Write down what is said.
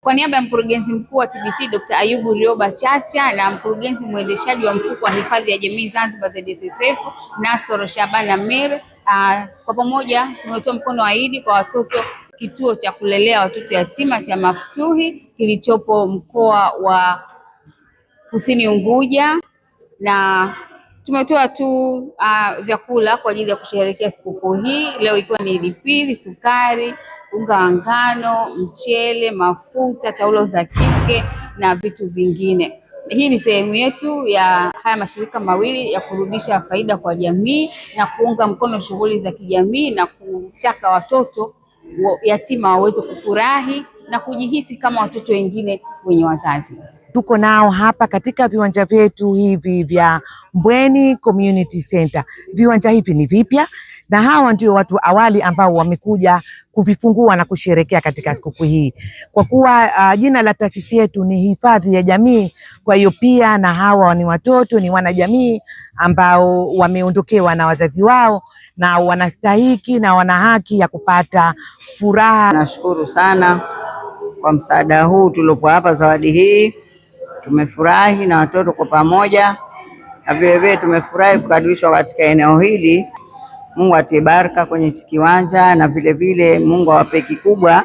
Kwa niaba ya mkurugenzi mkuu wa TBC Dr. Ayubu Rioba Chacha na mkurugenzi mwendeshaji wa mfuko wa hifadhi ya jamii Zanzibar ZSSF Nasoro Shaban Amir, ah, kwa pamoja tumetoa mkono wa Idi kwa watoto kituo cha kulelea watoto yatima cha Maftuhi kilichopo mkoa wa Kusini Unguja, na tumetoa tu uh, vyakula kwa ajili ya kusherehekea sikukuu hii leo, ikiwa ni Idi Pili, sukari unga wa ngano, mchele, mafuta, taulo za kike na vitu vingine. Hii ni sehemu yetu ya haya mashirika mawili ya kurudisha faida kwa jamii na kuunga mkono shughuli za kijamii na kutaka watoto yatima waweze kufurahi na kujihisi kama watoto wengine wenye wazazi tuko nao hapa katika viwanja vyetu hivi vya Mbweni Community Center. Viwanja hivi ni vipya na hawa ndio watu awali ambao wamekuja kuvifungua na kusherekea katika sikukuu hii, kwa kuwa uh, jina la taasisi yetu ni hifadhi ya jamii. Kwa hiyo pia na hawa ni watoto, ni wanajamii ambao wameondokewa na wazazi wao na wanastahiki na wana haki ya kupata furaha. Nashukuru sana kwa msaada huu tuliopo hapa, zawadi hii tumefurahi na watoto kwa pamoja, na vilevile tumefurahi kukaribishwa katika eneo hili. Mungu atibaraka kwenye kiwanja na vilevile Mungu awape kikubwa.